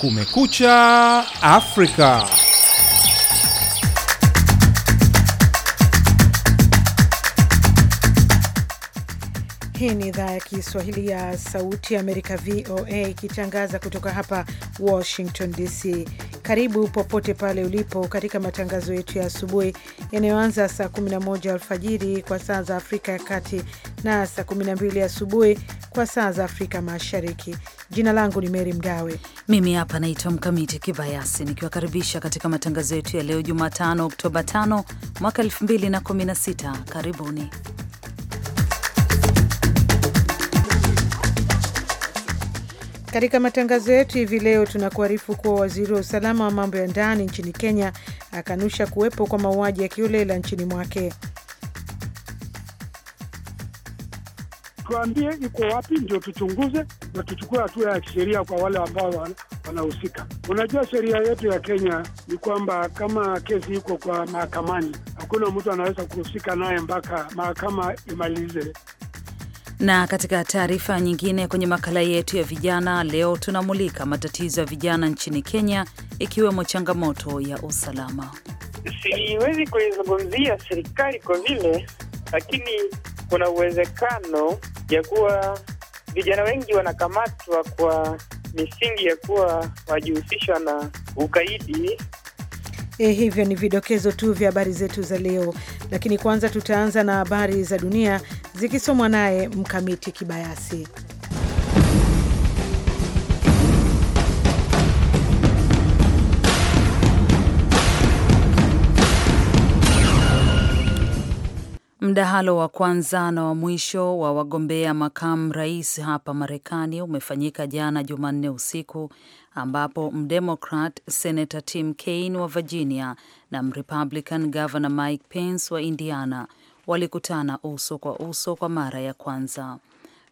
Kumekucha Afrika. Hii ni idhaa ya Kiswahili ya Sauti ya Amerika, VOA, ikitangaza kutoka hapa Washington DC. Karibu popote pale ulipo katika matangazo yetu ya asubuhi yanayoanza saa 11 alfajiri kwa saa za Afrika ya Kati na saa 12 asubuhi kwa saa za Afrika Mashariki. Jina langu ni Meri Mgawe. Mimi hapa naitwa Mkamiti Kibayasi, nikiwakaribisha katika matangazo yetu ya leo Jumatano, Oktoba 5 mwaka 2016. Karibuni. Katika matangazo yetu hivi leo tunakuarifu kuwa waziri wa usalama wa mambo ya ndani nchini Kenya akanusha kuwepo kwa mauaji ya kiolela nchini mwake. tuambie iko wapi, ndio tuchunguze na tuchukue hatua ya kisheria kwa wale ambao wanahusika. Unajua, sheria yetu ya Kenya ni kwamba kama kesi iko kwa mahakamani, hakuna mtu anaweza kuhusika naye mpaka mahakama imalize na katika taarifa nyingine kwenye makala yetu ya vijana leo, tunamulika matatizo ya vijana nchini Kenya, ikiwemo changamoto ya usalama. Siwezi kuizungumzia serikali kwa vile, lakini kuna uwezekano ya kuwa vijana wengi wanakamatwa kwa misingi ya kuwa wajihusishwa na ukaidi E, eh, hivyo ni vidokezo tu vya habari zetu za leo, lakini kwanza tutaanza na habari za dunia zikisomwa naye Mkamiti Kibayasi. Mdahalo wa kwanza na wa mwisho wa wagombea makamu rais hapa Marekani umefanyika jana Jumanne usiku ambapo mdemokrat Senator Tim Kaine wa Virginia na mrepublican Governor Mike Pence wa Indiana walikutana uso kwa uso kwa mara ya kwanza.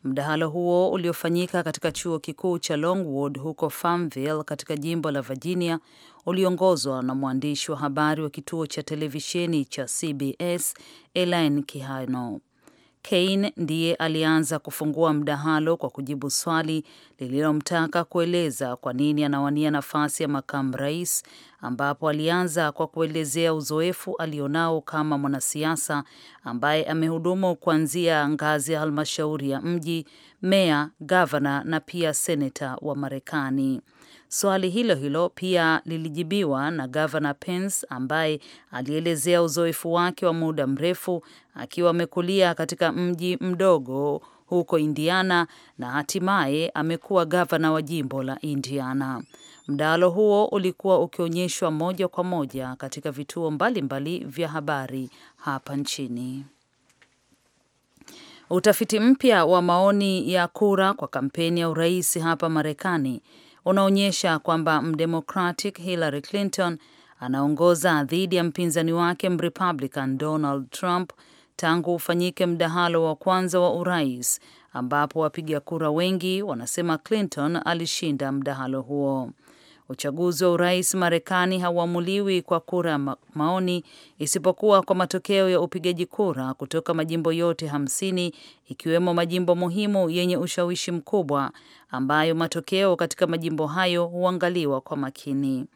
Mdahalo huo uliofanyika katika chuo kikuu cha Longwood huko Farmville katika jimbo la Virginia uliongozwa na mwandishi wa habari wa kituo cha televisheni cha CBS Elaine Kihano. Kein ndiye alianza kufungua mdahalo kwa kujibu swali lililomtaka kueleza kwa nini anawania nafasi ya makamu rais, ambapo alianza kwa kuelezea uzoefu alionao kama mwanasiasa ambaye amehudumu kuanzia ngazi ya halmashauri ya mji, meya, gavana na pia seneta wa Marekani. Swali hilo hilo pia lilijibiwa na Gavana Pence ambaye alielezea uzoefu wake wa muda mrefu akiwa amekulia katika mji mdogo huko Indiana na hatimaye amekuwa gavana wa jimbo la Indiana. Mdahalo huo ulikuwa ukionyeshwa moja kwa moja katika vituo mbalimbali mbali vya habari hapa nchini. Utafiti mpya wa maoni ya kura kwa kampeni ya urais hapa Marekani unaonyesha kwamba mdemocratic Hillary Clinton anaongoza dhidi ya mpinzani wake mrepublican Donald Trump tangu ufanyike mdahalo wa kwanza wa urais ambapo wapiga kura wengi wanasema Clinton alishinda mdahalo huo. Uchaguzi wa urais Marekani hauamuliwi kwa kura maoni, isipokuwa kwa matokeo ya upigaji kura kutoka majimbo yote hamsini ikiwemo majimbo muhimu yenye ushawishi mkubwa, ambayo matokeo katika majimbo hayo huangaliwa kwa makini.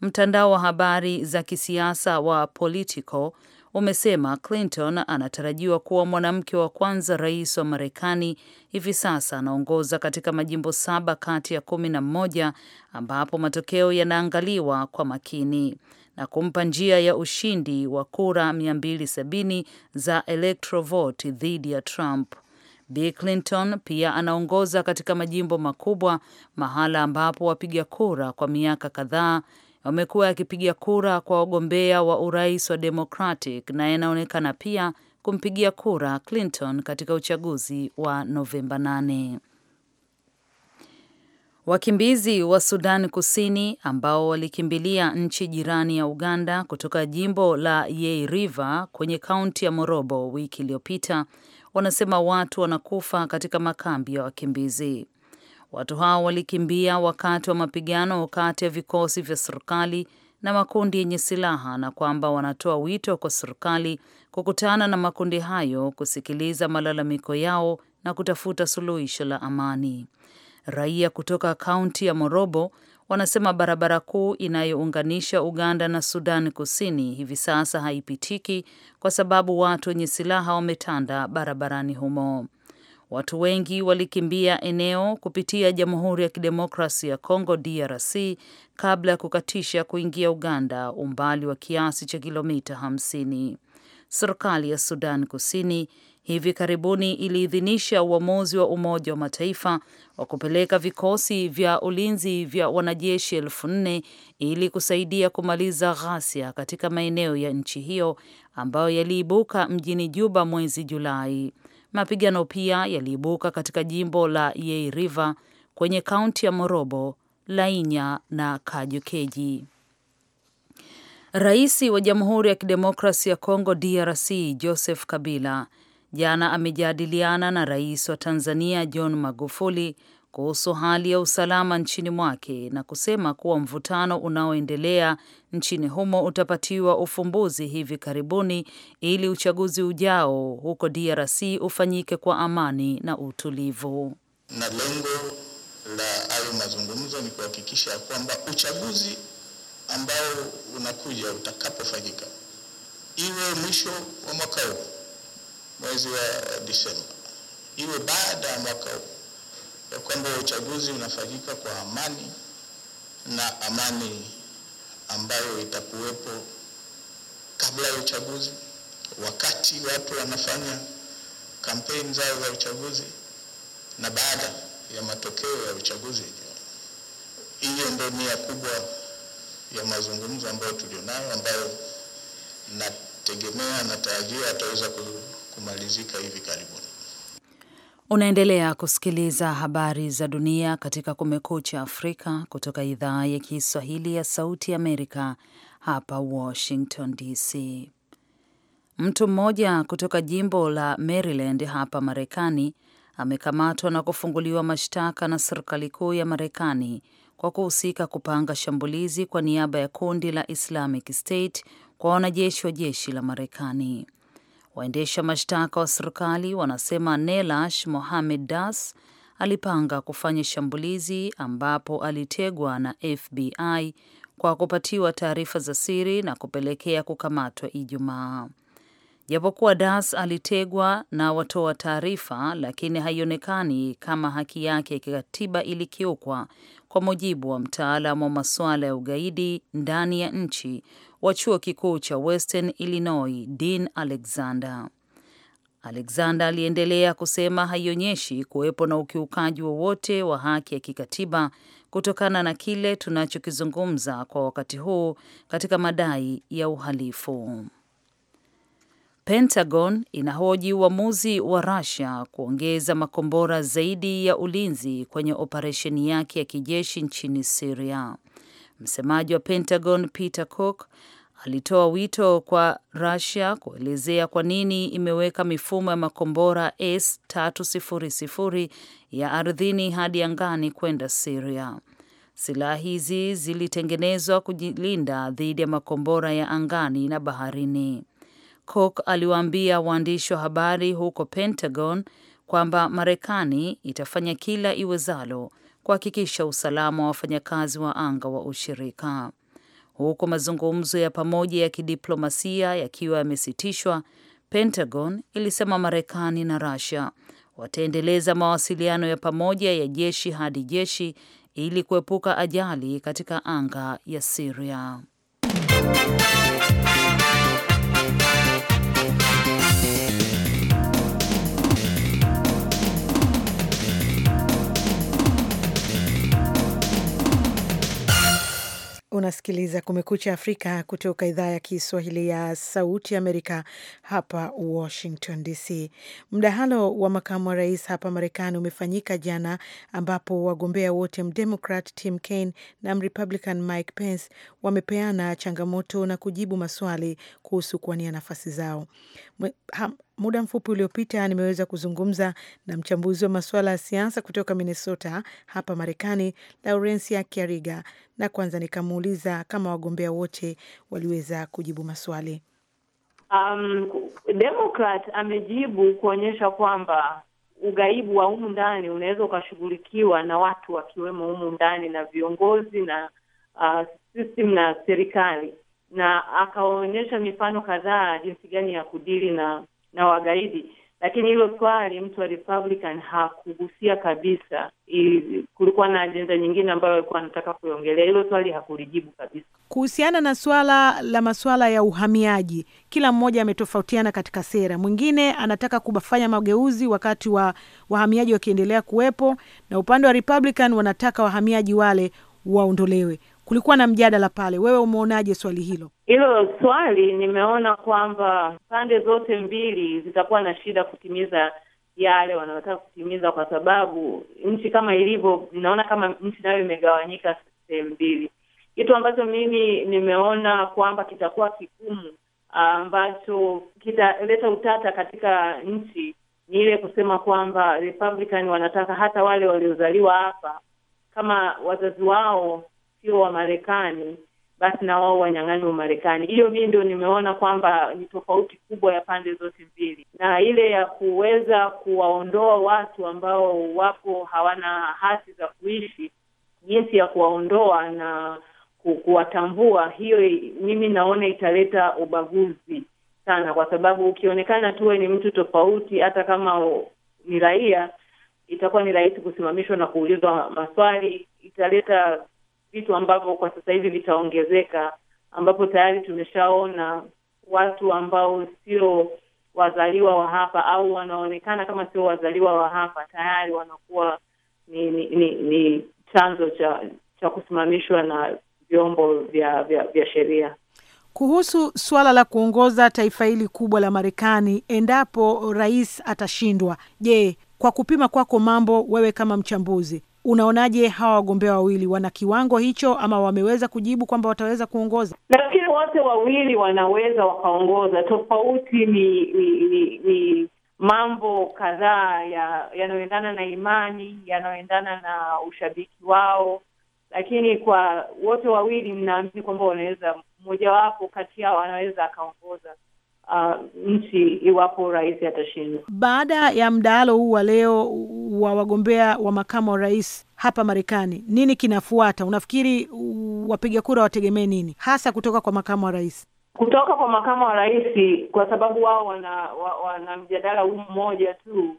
Mtandao wa habari za kisiasa wa Politico umesema Clinton anatarajiwa kuwa mwanamke wa kwanza rais wa Marekani. Hivi sasa anaongoza katika majimbo saba kati ya kumi na mmoja ambapo matokeo yanaangaliwa kwa makini na kumpa njia ya ushindi wa kura 270 za electrovote dhidi ya Trump. Bi Clinton pia anaongoza katika majimbo makubwa, mahala ambapo wapiga kura kwa miaka kadhaa wamekuwa akipiga kura kwa wagombea wa urais wa Democratic na yanaonekana pia kumpigia kura Clinton katika uchaguzi wa Novemba 8. Wakimbizi wa Sudan Kusini ambao walikimbilia nchi jirani ya Uganda kutoka jimbo la Yei River kwenye kaunti ya Morobo wiki iliyopita wanasema watu wanakufa katika makambi ya wakimbizi. Watu hao walikimbia wakati wa mapigano kati ya vikosi vya serikali na makundi yenye silaha na kwamba wanatoa wito kwa serikali kukutana na makundi hayo kusikiliza malalamiko yao na kutafuta suluhisho la amani. Raia kutoka kaunti ya Morobo wanasema barabara kuu inayounganisha Uganda na Sudan Kusini hivi sasa haipitiki kwa sababu watu wenye silaha wametanda barabarani humo. Watu wengi walikimbia eneo kupitia Jamhuri ya Kidemokrasi ya congo DRC kabla ya kukatisha kuingia Uganda, umbali wa kiasi cha kilomita 50. Serikali ya Sudan Kusini hivi karibuni iliidhinisha uamuzi wa Umoja wa Mataifa wa kupeleka vikosi vya ulinzi vya wanajeshi elfu nne ili kusaidia kumaliza ghasia katika maeneo ya nchi hiyo ambayo yaliibuka mjini Juba mwezi Julai. Mapigano pia yaliibuka katika jimbo la Yei River kwenye kaunti ya Morobo, Lainya na Kajukeji. Rais wa Jamhuri ya Kidemokrasi ya Kongo DRC Joseph Kabila jana amejadiliana na rais wa Tanzania John Magufuli kuhusu hali ya usalama nchini mwake na kusema kuwa mvutano unaoendelea nchini humo utapatiwa ufumbuzi hivi karibuni ili uchaguzi ujao huko DRC ufanyike kwa amani na utulivu. Na lengo la hayo mazungumzo ni kuhakikisha kwamba uchaguzi ambao unakuja utakapofanyika iwe mwisho wa mwaka huu mwezi wa Disemba, iwe baada ya mwaka huu, ya kwamba uchaguzi unafanyika kwa amani na amani ambayo itakuwepo kabla ya uchaguzi, wakati watu wanafanya kampeni zao za uchaguzi na baada ya matokeo ya uchaguzi. Hiyo ndio nia kubwa ya mazungumzo ambayo tulionayo, ambayo nategemea na tarajia ataweza kumalizika hivi karibuni. Unaendelea kusikiliza habari za dunia katika Kumekucha Afrika kutoka idhaa ya Kiswahili ya Sauti Amerika, hapa Washington DC. Mtu mmoja kutoka jimbo la Maryland hapa Marekani amekamatwa na kufunguliwa mashtaka na serikali kuu ya Marekani kwa kuhusika kupanga shambulizi kwa niaba ya kundi la Islamic State kwa wanajeshi wa jeshi la Marekani. Waendesha mashtaka wa serikali wanasema Nelash Mohamed Das alipanga kufanya shambulizi ambapo alitegwa na FBI kwa kupatiwa taarifa za siri na kupelekea kukamatwa Ijumaa. Japokuwa Das alitegwa na watoa taarifa, lakini haionekani kama haki yake ya kikatiba ilikiukwa, kwa mujibu wa mtaalamu wa masuala ya ugaidi ndani ya nchi wa chuo kikuu cha Western Illinois, Dean Alexander. Alexander aliendelea kusema haionyeshi kuwepo na ukiukaji wowote wa, wa haki ya kikatiba kutokana na kile tunachokizungumza kwa wakati huu katika madai ya uhalifu. Pentagon inahoji uamuzi wa Russia kuongeza makombora zaidi ya ulinzi kwenye operesheni yake ya kijeshi nchini Syria. Msemaji wa Pentagon Peter Cook alitoa wito kwa Russia kuelezea kwa nini imeweka mifumo ya makombora S-300 ya ardhini hadi angani kwenda siria Silaha hizi zilitengenezwa kujilinda dhidi ya makombora ya angani na baharini. Cook aliwaambia waandishi wa habari huko Pentagon kwamba Marekani itafanya kila iwezalo kuhakikisha usalama wa wafanyakazi wa anga wa ushirika, huku mazungumzo ya pamoja ya kidiplomasia yakiwa yamesitishwa. Pentagon ilisema Marekani na Russia wataendeleza mawasiliano ya pamoja ya jeshi hadi jeshi ili kuepuka ajali katika anga ya Syria. Unasikiliza Kumekucha Afrika kutoka idhaa ya Kiswahili ya Sauti Amerika, hapa Washington DC. Mdahalo wa makamu wa rais hapa Marekani umefanyika jana, ambapo wagombea wote Mdemokrat Tim Kaine na Mrepublican Mike Pence wamepeana changamoto na kujibu maswali kuhusu kuwania nafasi zao. Muda mfupi uliopita nimeweza kuzungumza na mchambuzi wa masuala ya siasa kutoka Minnesota hapa Marekani, Laurencia Kiariga, na kwanza nikamuuliza kama wagombea wote waliweza kujibu maswali. Um, Demokrat amejibu kuonyesha kwamba ugaibu wa humu ndani unaweza ukashughulikiwa na watu wakiwemo humu ndani na viongozi na uh, system na serikali, na akaonyesha mifano kadhaa jinsi gani ya kudili na na wagaidi, lakini hilo swali mtu wa Republican hakugusia kabisa. Kulikuwa na ajenda nyingine ambayo alikuwa anataka kuiongelea, hilo swali hakulijibu kabisa. Kuhusiana na swala la masuala ya uhamiaji, kila mmoja ametofautiana katika sera. Mwingine anataka kufanya mageuzi wakati wa wahamiaji wakiendelea kuwepo, na upande wa Republican wanataka wahamiaji wale waondolewe kulikuwa na mjadala pale. Wewe umeonaje swali hilo? Hilo swali nimeona kwamba pande zote mbili zitakuwa na shida kutimiza yale wanaotaka kutimiza, kwa sababu nchi kama ilivyo, ninaona kama nchi nayo imegawanyika sehemu mbili. Kitu ambacho mimi nimeona kwamba kitakuwa kigumu ambacho kitaleta utata katika nchi ni ile kusema kwamba Republican wanataka hata wale waliozaliwa hapa kama wazazi wao sio wa Marekani, basi na wao wanyang'anywe Umarekani. Hiyo mimi ndio nimeona kwamba ni tofauti kubwa ya pande zote mbili, na ile ya kuweza kuwaondoa watu ambao wapo hawana hati za kuishi, jinsi ya kuwaondoa na kuwatambua, hiyo mimi naona italeta ubaguzi sana, kwa sababu ukionekana tuwe ni mtu tofauti, hata kama ni raia, itakuwa ni rahisi kusimamishwa na kuulizwa maswali, italeta vitu ambavyo kwa sasa hivi vitaongezeka, ambapo tayari tumeshaona watu ambao sio wazaliwa wa hapa au wanaonekana kama sio wazaliwa wa hapa tayari wanakuwa ni ni, ni, ni chanzo cha cha kusimamishwa na vyombo vya vya, vya sheria. Kuhusu suala la kuongoza taifa hili kubwa la Marekani endapo rais atashindwa, je, kwa kupima kwako mambo wewe kama mchambuzi, Unaonaje hawa wagombea wawili wana kiwango hicho ama wameweza kujibu kwamba wataweza kuongoza? Nafikiri wote wawili wanaweza wakaongoza. Tofauti ni ni, ni, ni mambo kadhaa yanayoendana na imani, yanayoendana na ushabiki wao, lakini kwa wote wawili mnaamini kwamba wanaweza, mmojawapo kati yao anaweza akaongoza uh, nchi iwapo rais atashindwa. Baada ya mdahalo huu wa leo wa wagombea wa makamu wa rais hapa Marekani, nini kinafuata? Unafikiri wapiga kura wategemee nini hasa kutoka kwa makamu wa rais? Kutoka kwa makamu wa rais, kwa sababu wao wana, wana mjadala huu mmoja tu,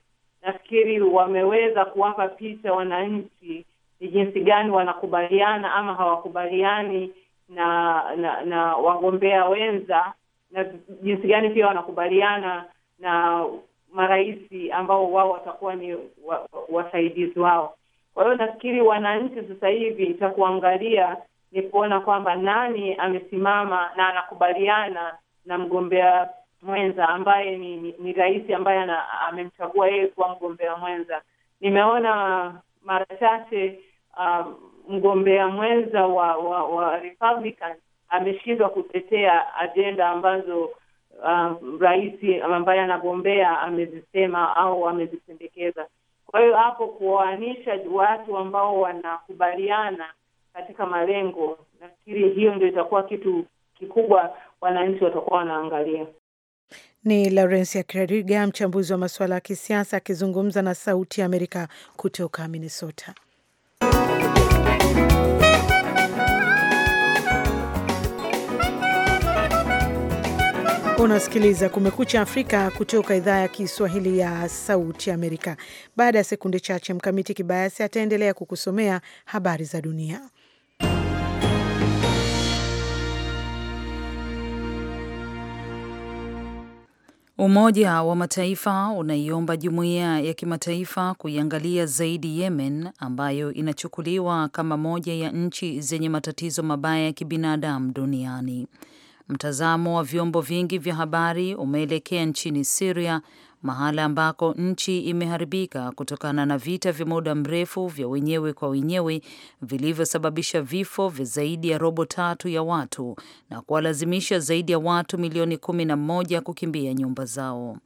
nafikiri wameweza kuwapa picha wananchi ni jinsi gani wanakubaliana ama hawakubaliani na na, na wagombea wenza na jinsi gani pia wanakubaliana na marais ambao wao watakuwa ni wa, wasaidizi wao. Kwa hiyo nafikiri wananchi sasa hivi cha kuangalia ni kuona kwamba nani amesimama na anakubaliana na mgombea mwenza ambaye ni, ni, ni rais ambaye amemchagua yeye kuwa mgombea mwenza. Nimeona mara chache uh, mgombea mwenza wa, wa, wa Republican ameshindwa kutetea ajenda ambazo uh, rais ambaye anagombea amezisema au amezipendekeza. Kwa hiyo hapo kuwaanisha watu ambao wanakubaliana katika malengo, nafikiri hiyo ndio itakuwa kitu kikubwa wananchi watakuwa wanaangalia. Ni Laurencia Akiradiga, mchambuzi wa masuala ya kisiasa, akizungumza na Sauti ya Amerika kutoka Minnesota. Unasikiliza Kumekucha Afrika kutoka idhaa ya Kiswahili ya Sauti Amerika. Baada ya sekunde chache, Mkamiti Kibayasi ataendelea kukusomea habari za dunia. Umoja wa Mataifa unaiomba jumuiya ya kimataifa kuiangalia zaidi Yemen ambayo inachukuliwa kama moja ya nchi zenye matatizo mabaya ya kibinadamu duniani. Mtazamo wa vyombo vingi vya habari umeelekea nchini Syria, mahala ambako nchi imeharibika kutokana na vita vya muda mrefu vya wenyewe kwa wenyewe vilivyosababisha vifo vya zaidi ya robo tatu ya watu na kuwalazimisha zaidi ya watu milioni kumi na moja kukimbia nyumba zao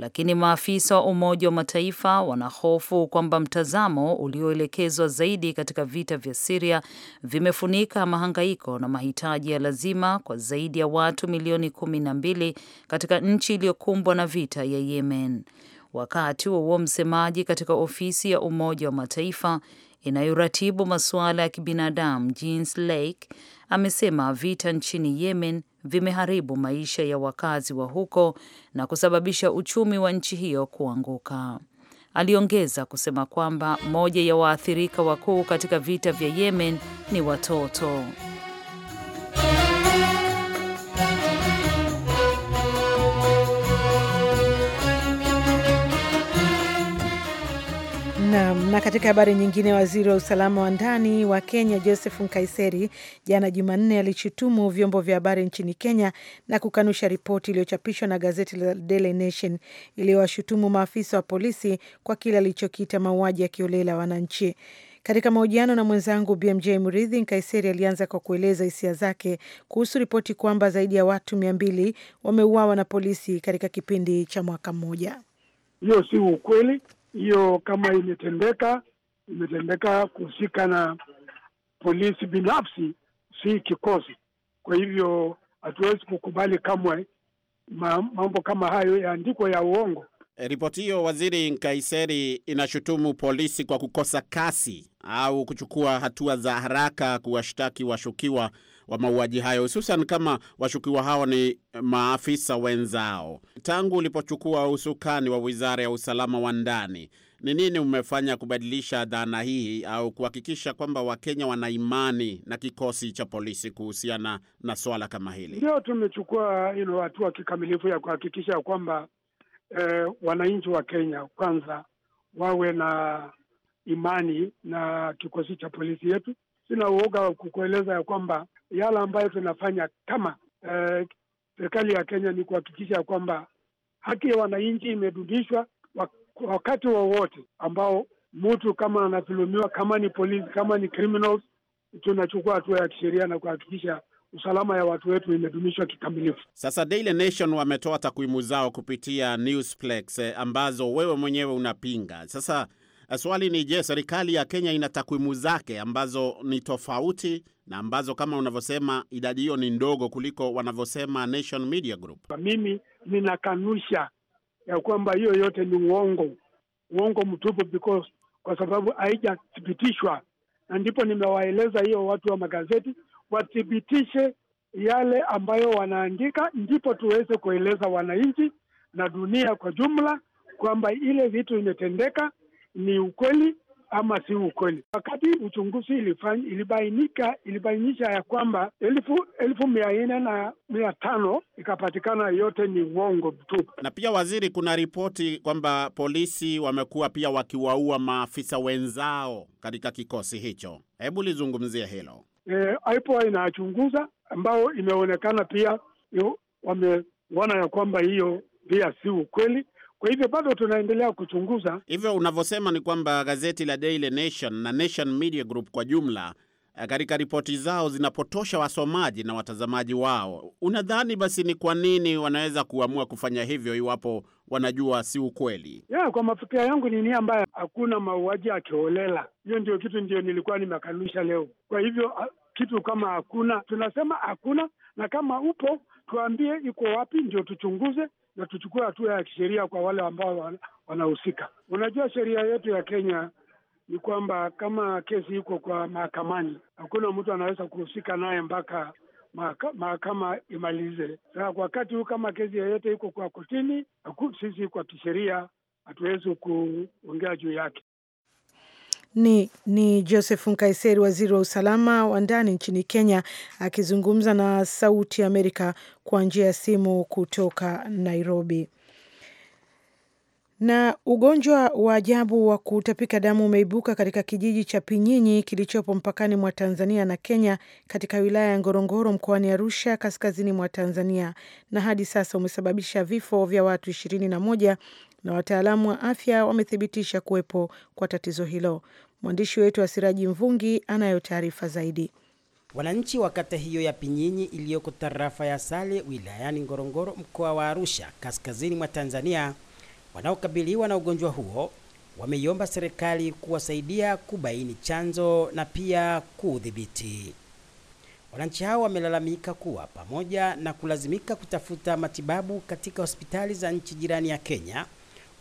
lakini maafisa wa Umoja wa Mataifa wanahofu kwamba mtazamo ulioelekezwa zaidi katika vita vya Siria vimefunika mahangaiko na mahitaji ya lazima kwa zaidi ya watu milioni kumi na mbili katika nchi iliyokumbwa na vita ya Yemen. Wakati huo msemaji katika ofisi ya Umoja wa Mataifa inayoratibu masuala ya kibinadamu Jens Lake amesema vita nchini Yemen vimeharibu maisha ya wakazi wa huko na kusababisha uchumi wa nchi hiyo kuanguka. Aliongeza kusema kwamba moja ya waathirika wakuu katika vita vya Yemen ni watoto. Naam. Na katika habari nyingine, waziri wa usalama wa ndani wa Kenya Joseph Nkaiseri jana Jumanne alishutumu vyombo vya habari nchini Kenya na kukanusha ripoti iliyochapishwa na gazeti la Daily Nation iliyowashutumu maafisa wa polisi kwa kile alichokiita mauaji ya kiolela wananchi. Katika mahojiano na mwenzangu BMJ Mridhi, Nkaiseri alianza kwa kueleza hisia zake kuhusu ripoti kwamba zaidi ya watu mia mbili wameuawa na polisi katika kipindi cha mwaka mmoja. Hiyo si ukweli hiyo kama imetendeka, imetendeka kuhusika na polisi binafsi, si kikosi. Kwa hivyo hatuwezi kukubali kamwe mambo kama hayo yaandikwa ya uongo. E, ripoti hiyo, Waziri Nkaiseri, inashutumu polisi kwa kukosa kasi au kuchukua hatua za haraka kuwashtaki washukiwa wa mauaji hayo, hususan kama washukiwa hao ni maafisa wenzao. Tangu ulipochukua usukani wa wizara ya usalama wa ndani, ni nini umefanya kubadilisha dhana hii au kuhakikisha kwamba Wakenya wana imani na kikosi cha polisi kuhusiana na swala kama hili? Ndio, tumechukua you know, hatua kikamilifu ya kuhakikisha kwamba eh, wananchi wa Kenya kwanza wawe na imani na kikosi cha polisi yetu sina uoga wa kukueleza ya kwamba yale ambayo tunafanya kama eh, serikali ya Kenya ni kuhakikisha ya kwamba haki ya wananchi imedudishwa wakati wowote wa ambao mtu kama anadhulumiwa, kama ni polisi, kama ni criminals, tunachukua hatua ya kisheria na kuhakikisha usalama ya watu wetu imedumishwa kikamilifu. Sasa Daily Nation wametoa takwimu zao kupitia Newsplex eh, ambazo wewe mwenyewe unapinga. Sasa Eh, swali ni je, serikali ya Kenya ina takwimu zake ambazo ni tofauti na ambazo kama unavyosema idadi hiyo ni ndogo kuliko wanavyosema Nation Media Group? Mimi ninakanusha ya kwamba hiyo yote ni uongo, uongo mtupu, because kwa sababu haijathibitishwa, na ndipo nimewaeleza hiyo watu wa magazeti wathibitishe yale ambayo wanaandika, ndipo tuweze kueleza wananchi na dunia kwa jumla kwamba ile vitu imetendeka ni ukweli ama si ukweli. Wakati uchunguzi ilifanya, ilibainika ilibainisha ya kwamba elfu elfu mia nne na mia tano ikapatikana yote ni uongo tu. Na pia waziri, kuna ripoti kwamba polisi wamekuwa pia wakiwaua maafisa wenzao katika kikosi hicho, hebu lizungumzie hilo. E, IPOA inachunguza ambao imeonekana pia wameona ya kwamba hiyo pia si ukweli kwa hivyo bado tunaendelea kuchunguza. Hivyo unavyosema ni kwamba gazeti la Daily Nation na Nation Media Group kwa jumla eh, katika ripoti zao zinapotosha wasomaji na watazamaji wao. Unadhani basi ni kwa nini wanaweza kuamua kufanya hivyo iwapo wanajua si ukweli? Yeah, kwa mafikira yangu ni nia ambayo Hakuna mauaji akiolela Hiyo ndio kitu ndio nilikuwa nimekanusha leo. Kwa hivyo kitu kama hakuna, tunasema hakuna, na kama upo tuambie iko wapi, ndio tuchunguze na tuchukue hatua ya kisheria kwa wale ambao wanahusika. Unajua, sheria yetu ya Kenya ni kwamba kama kesi iko kwa mahakamani, hakuna mtu anaweza kuhusika naye mpaka mahakama imalize. Sasa kwa wakati huu, kama kesi yeyote iko kwa kotini, sisi kwa kisheria hatuwezi kuongea juu yake. Ni, ni Joseph Nkaiseri, waziri wa usalama wa ndani nchini Kenya, akizungumza na Sauti ya Amerika kwa njia ya simu kutoka Nairobi. Na ugonjwa wa ajabu wa kutapika damu umeibuka katika kijiji cha Pinyinyi kilichopo mpakani mwa Tanzania na Kenya katika wilaya ya Ngorongoro mkoani Arusha kaskazini mwa Tanzania na hadi sasa umesababisha vifo vya watu ishirini na moja na wataalamu wa afya wamethibitisha kuwepo kwa tatizo hilo. Mwandishi wetu wa Siraji Mvungi anayo taarifa zaidi. Wananchi wa kata hiyo ya Pinyinyi iliyoko tarafa ya Sale wilayani Ngorongoro mkoa wa Arusha kaskazini mwa Tanzania wanaokabiliwa na ugonjwa huo wameiomba serikali kuwasaidia kubaini chanzo na pia kuudhibiti. Wananchi hao wamelalamika kuwa pamoja na kulazimika kutafuta matibabu katika hospitali za nchi jirani ya Kenya,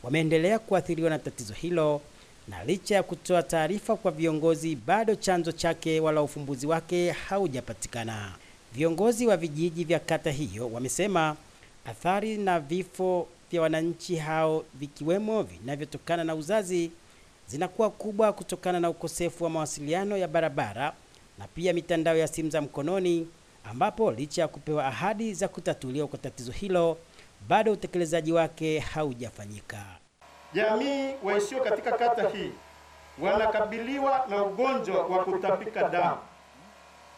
wameendelea kuathiriwa na tatizo hilo, na licha ya kutoa taarifa kwa viongozi, bado chanzo chake wala ufumbuzi wake haujapatikana. Viongozi wa vijiji vya kata hiyo wamesema athari na vifo vya wananchi hao vikiwemo vinavyotokana na uzazi zinakuwa kubwa kutokana na ukosefu wa mawasiliano ya barabara na pia mitandao ya simu za mkononi ambapo licha ya kupewa ahadi za kutatuliwa kwa tatizo hilo bado utekelezaji wake haujafanyika. Jamii waishio katika kata hii wanakabiliwa na ugonjwa wa kutapika damu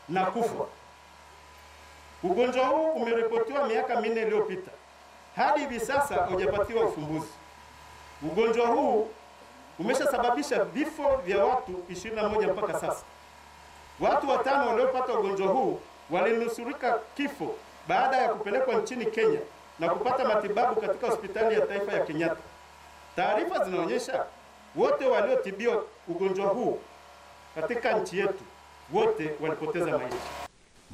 na kufa. Ugonjwa huu umeripotiwa miaka minne iliyopita, hadi hivi sasa haujapatiwa ufumbuzi. Ugonjwa huu umeshasababisha vifo vya watu 21 mpaka sasa. Watu watano waliopata ugonjwa huu walinusurika kifo baada ya kupelekwa nchini Kenya na kupata matibabu katika hospitali ya taifa ya Kenyatta. Taarifa zinaonyesha wote waliotibiwa ugonjwa huu katika nchi yetu wote walipoteza maisha.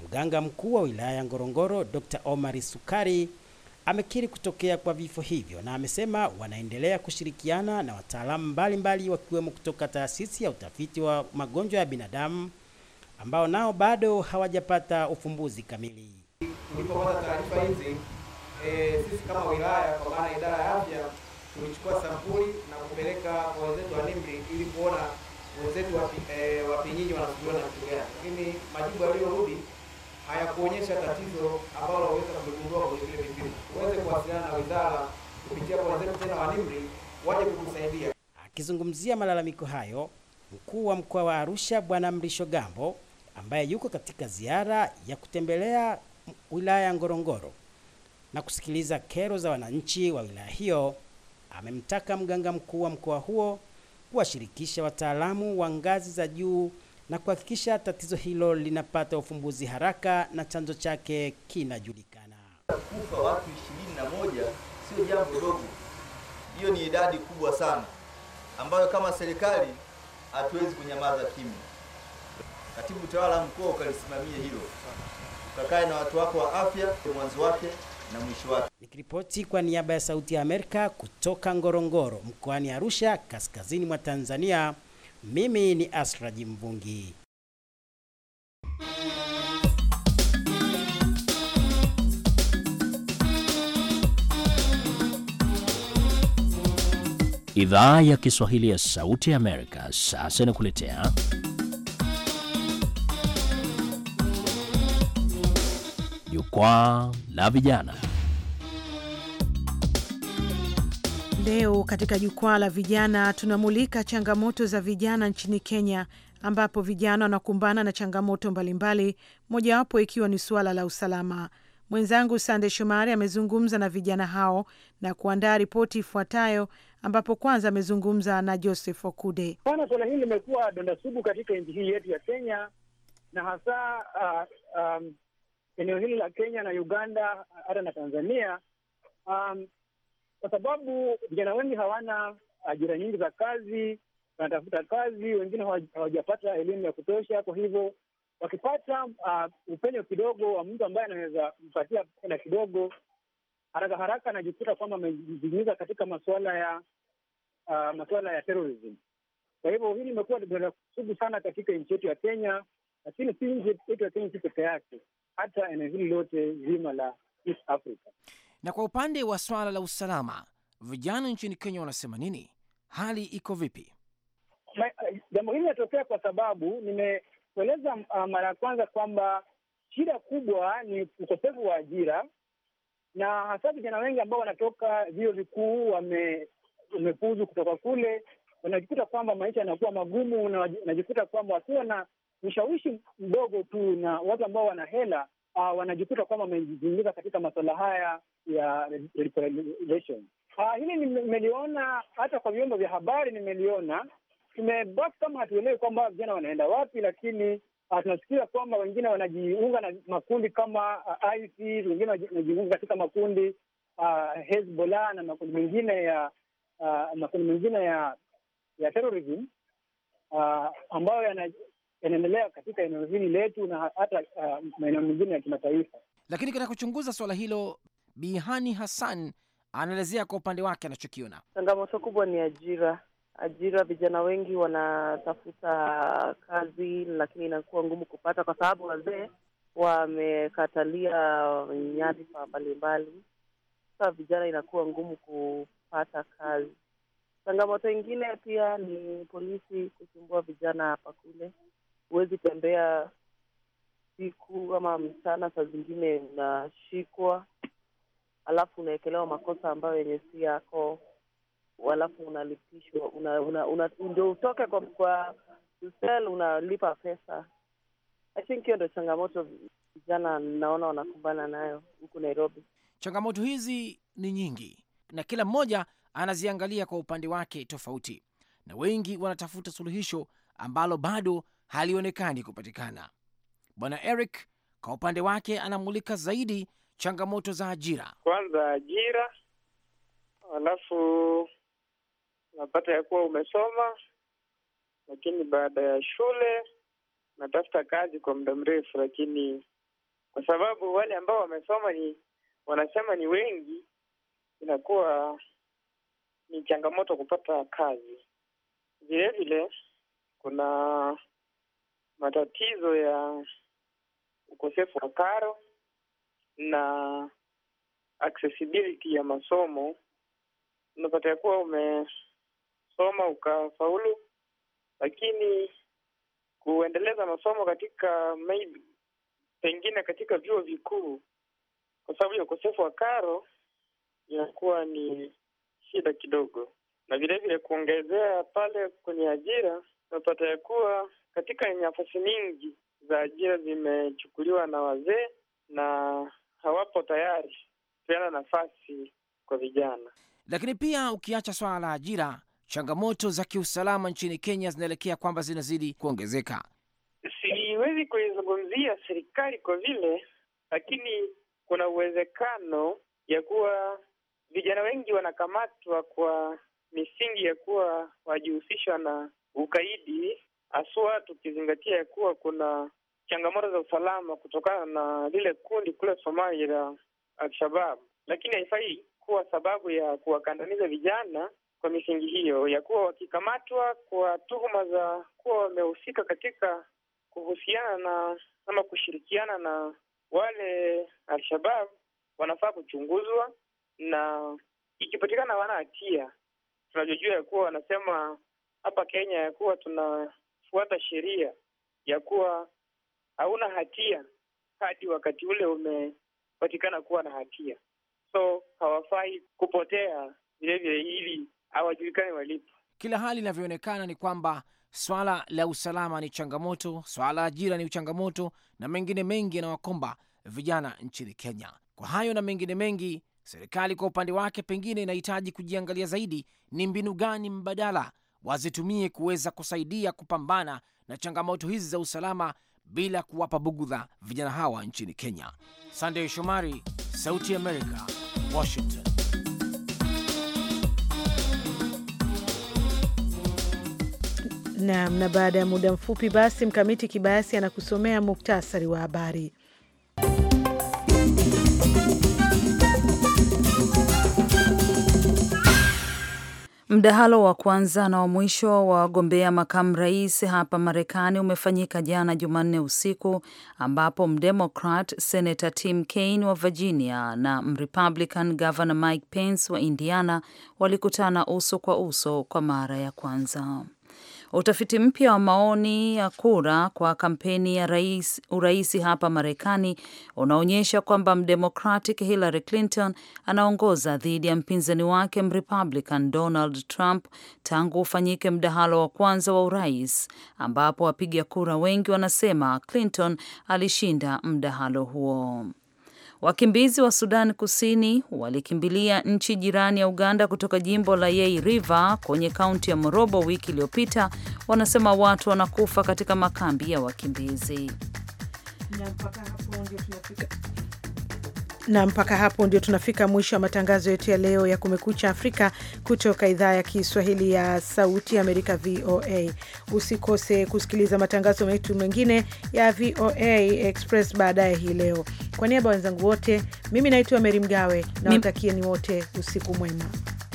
Mganga mkuu wa wilaya ya Ngorongoro Dr. Omari Sukari amekiri kutokea kwa vifo hivyo na amesema wanaendelea kushirikiana na wataalamu mbalimbali wakiwemo kutoka taasisi ya utafiti wa magonjwa ya binadamu ambao nao bado hawajapata ufumbuzi kamili. Ulipopata taarifa hizi e, sisi kama wilaya kwa maana idara ya afya tulichukua sampuli na kupeleka kwa wenzetu wa NIMR ili kuona wenzetu wapinyinyi e, wanasumbuliwa na kitu gani, lakini majibu yaliyorudi hayakuonyesha tatizo ambalo waweza kuligundua kwenye vile vipimo. Uweze kuwasiliana na wizara kupitia kwa wenzetu tena wa NIMR waje kukusaidia. Akizungumzia malalamiko hayo, mkuu wa mkoa wa Arusha Bwana Mrisho Gambo ambaye yuko katika ziara ya kutembelea wilaya ya Ngorongoro na kusikiliza kero za wananchi wa wilaya hiyo, amemtaka mganga mkuu wa mkoa huo kuwashirikisha wataalamu wa ngazi za juu na kuhakikisha tatizo hilo linapata ufumbuzi haraka na chanzo chake kinajulikana. Kufa watu 21 sio jambo dogo, hiyo ni idadi kubwa sana ambayo kama serikali hatuwezi kunyamaza kimya. Katibu tawala mkoa ukalisimamia hilo, ukakae na watu wako wa afya mwanzo wake na mwisho wake. Nikiripoti kwa niaba ya Sauti ya Amerika kutoka Ngorongoro mkoani Arusha, kaskazini mwa Tanzania, mimi ni Asraji Mvungi. Idhaa ya Kiswahili ya Sauti ya Amerika sasa inakuletea Jukwaa la Vijana. Leo katika Jukwaa la Vijana tunamulika changamoto za vijana nchini Kenya, ambapo vijana wanakumbana na changamoto mbalimbali, mojawapo ikiwa ni suala la usalama. Mwenzangu Sande Shomari amezungumza na vijana hao na kuandaa ripoti ifuatayo, ambapo kwanza amezungumza na Joseph Okude. Bwana, suala hili limekuwa donda sugu katika nchi hii yetu ya Kenya na hasa uh, um, eneo hili la Kenya na Uganda hata na Tanzania um, kwa sababu vijana wengi hawana ajira nyingi za kazi, wanatafuta kazi, wengine hawajapata elimu ya kutosha. Kwa hivyo wakipata uh, upenyo kidogo wa mtu ambaye anaweza mpatia pesa kidogo, haraka haraka anajikuta kwamba amejiingiza katika masuala ya uh, masuala ya terrorism. Kwa hivyo hili limekuwa sugu sana katika nchi yetu ya Kenya, lakini si nchi yetu ya Kenya si peke yake hata eneo hili lote zima la East Africa. Na kwa upande wa swala la usalama, vijana nchini Kenya wanasema nini? Hali iko vipi? Jambo hili linatokea kwa sababu nimekueleza uh, mara ya kwanza kwamba shida kubwa ni ukosefu wa ajira, na hasa vijana wengi ambao wanatoka vyuo vikuu wame, wamefuzu kutoka kule, wanajikuta kwamba maisha yanakuwa magumu, wanajikuta kwamba wakiwa na ushawishi mdogo tu, na watu ambao wana hela uh, wanajikuta kwamba wamejizingiza katika masuala haya ya radicalization. Uh, ah, hili nimeliona hata kwa vyombo vya habari, nimeliona tumebaki kama hatuelewi kwamba vijana wanaenda wapi, lakini uh, tunasikia kwamba wengine wanajiunga na makundi kama uh, ISIS, wengine wanajiunga katika makundi uh, Hezbollah na makundi mengine ya uh, makundi mengine ya ya terrorism uh, ambayo yanaendelea katika eneo hili letu na hata uh, maeneo mengine ya kimataifa. Lakini katika kuchunguza suala hilo, Bihani Hassan anaelezea kwa upande wake anachokiona. Changamoto kubwa ni ajira. Ajira, vijana wengi wanatafuta kazi, lakini inakuwa ngumu kupata kwa sababu wazee wamekatalia nyadhifa mbalimbali. Sasa vijana inakuwa ngumu kupata kazi. Changamoto ingine pia ni polisi kusumbua vijana hapa kule, huwezi tembea siku ama mchana, saa zingine unashikwa, alafu unawekelewa makosa ambayo yenye si yako, alafu unalipishwa una, una, una, ndio utoke kwa, kwa sel, unalipa pesa. I think hiyo ndio changamoto vijana naona wanakumbana nayo huku Nairobi. Changamoto hizi ni nyingi na kila mmoja anaziangalia kwa upande wake tofauti, na wengi wanatafuta suluhisho ambalo bado halionekani kupatikana. Bwana Eric kwa upande wake anamulika zaidi changamoto za ajira. Kwanza ajira, alafu unapata ya kuwa umesoma, lakini baada ya shule natafuta kazi kwa muda mrefu, lakini kwa sababu wale ambao wamesoma ni wanasema ni wengi, inakuwa ni changamoto kupata kazi. Vilevile kuna matatizo ya ukosefu wa karo na accessibility ya masomo. Unapata ya kuwa umesoma ukafaulu, lakini kuendeleza masomo katika maybe, pengine katika vyuo vikuu kwa sababu ya ukosefu wa karo inakuwa ni shida kidogo, na vilevile kuongezea pale kwenye ajira unapata ya kuwa katika nafasi nyingi za ajira zimechukuliwa na wazee na hawapo tayari kupeana nafasi kwa vijana. Lakini pia ukiacha swala la ajira, changamoto za kiusalama nchini Kenya zinaelekea kwamba zinazidi kuongezeka. Siwezi kuizungumzia serikali kwa vile, lakini kuna uwezekano ya kuwa vijana wengi wanakamatwa kwa misingi ya kuwa wajihusishwa na ugaidi haswa tukizingatia ya kuwa kuna changamoto za usalama kutokana na lile kundi kule Somalia la Al-Shabab, lakini haifai kuwa sababu ya kuwakandamiza vijana kwa misingi hiyo ya kuwa wakikamatwa kwa tuhuma za kuwa wamehusika katika kuhusiana na ama kushirikiana na wale Al-Shabab, wanafaa kuchunguzwa na ikipatikana wana hatia, tunajua ya kuwa wanasema hapa Kenya ya kuwa tuna kufuata sheria ya kuwa hauna hatia hadi wakati ule umepatikana kuwa na hatia, so hawafai kupotea vilevile, ili hawajulikane walipo. Kila hali inavyoonekana ni kwamba swala la usalama ni changamoto, swala la ajira ni changamoto, na mengine mengi yanawakomba vijana nchini Kenya. Kwa hayo na mengine mengi, serikali kwa upande wake pengine inahitaji kujiangalia zaidi, ni mbinu gani mbadala wazitumie kuweza kusaidia kupambana na changamoto hizi za usalama bila kuwapa bugudha vijana hawa nchini Kenya. Sandey Shomari, Sauti America, Amerika, Washington. Naam, na baada ya muda mfupi basi Mkamiti Kibayasi anakusomea muktasari wa habari. Mdahalo wa kwanza na wa mwisho wa wagombea makamu rais hapa Marekani umefanyika jana Jumanne usiku ambapo mdemokrat Senator Tim Kaine wa Virginia na mrepublican Governor Mike Pence wa Indiana walikutana uso kwa uso kwa mara ya kwanza. Utafiti mpya wa maoni ya kura kwa kampeni ya rais, urais hapa Marekani unaonyesha kwamba mdemocratic Hillary Clinton anaongoza dhidi ya mpinzani wake mrepublican Donald Trump tangu ufanyike mdahalo wa kwanza wa urais, ambapo wapiga kura wengi wanasema Clinton alishinda mdahalo huo. Wakimbizi wa Sudan Kusini walikimbilia nchi jirani ya Uganda kutoka jimbo la Yei River kwenye kaunti ya Morobo wiki iliyopita. Wanasema watu wanakufa katika makambi ya wakimbizi na mpaka hapo ndio tunafika mwisho wa matangazo yetu ya leo ya Kumekucha Afrika kutoka idhaa ya Kiswahili ya Sauti ya Amerika, VOA. Usikose kusikiliza matangazo yetu mengine ya VOA Express baadaye hii leo. Kwa niaba ya wenzangu wote, mimi naitwa Meri Mgawe na ni wote usiku mwema.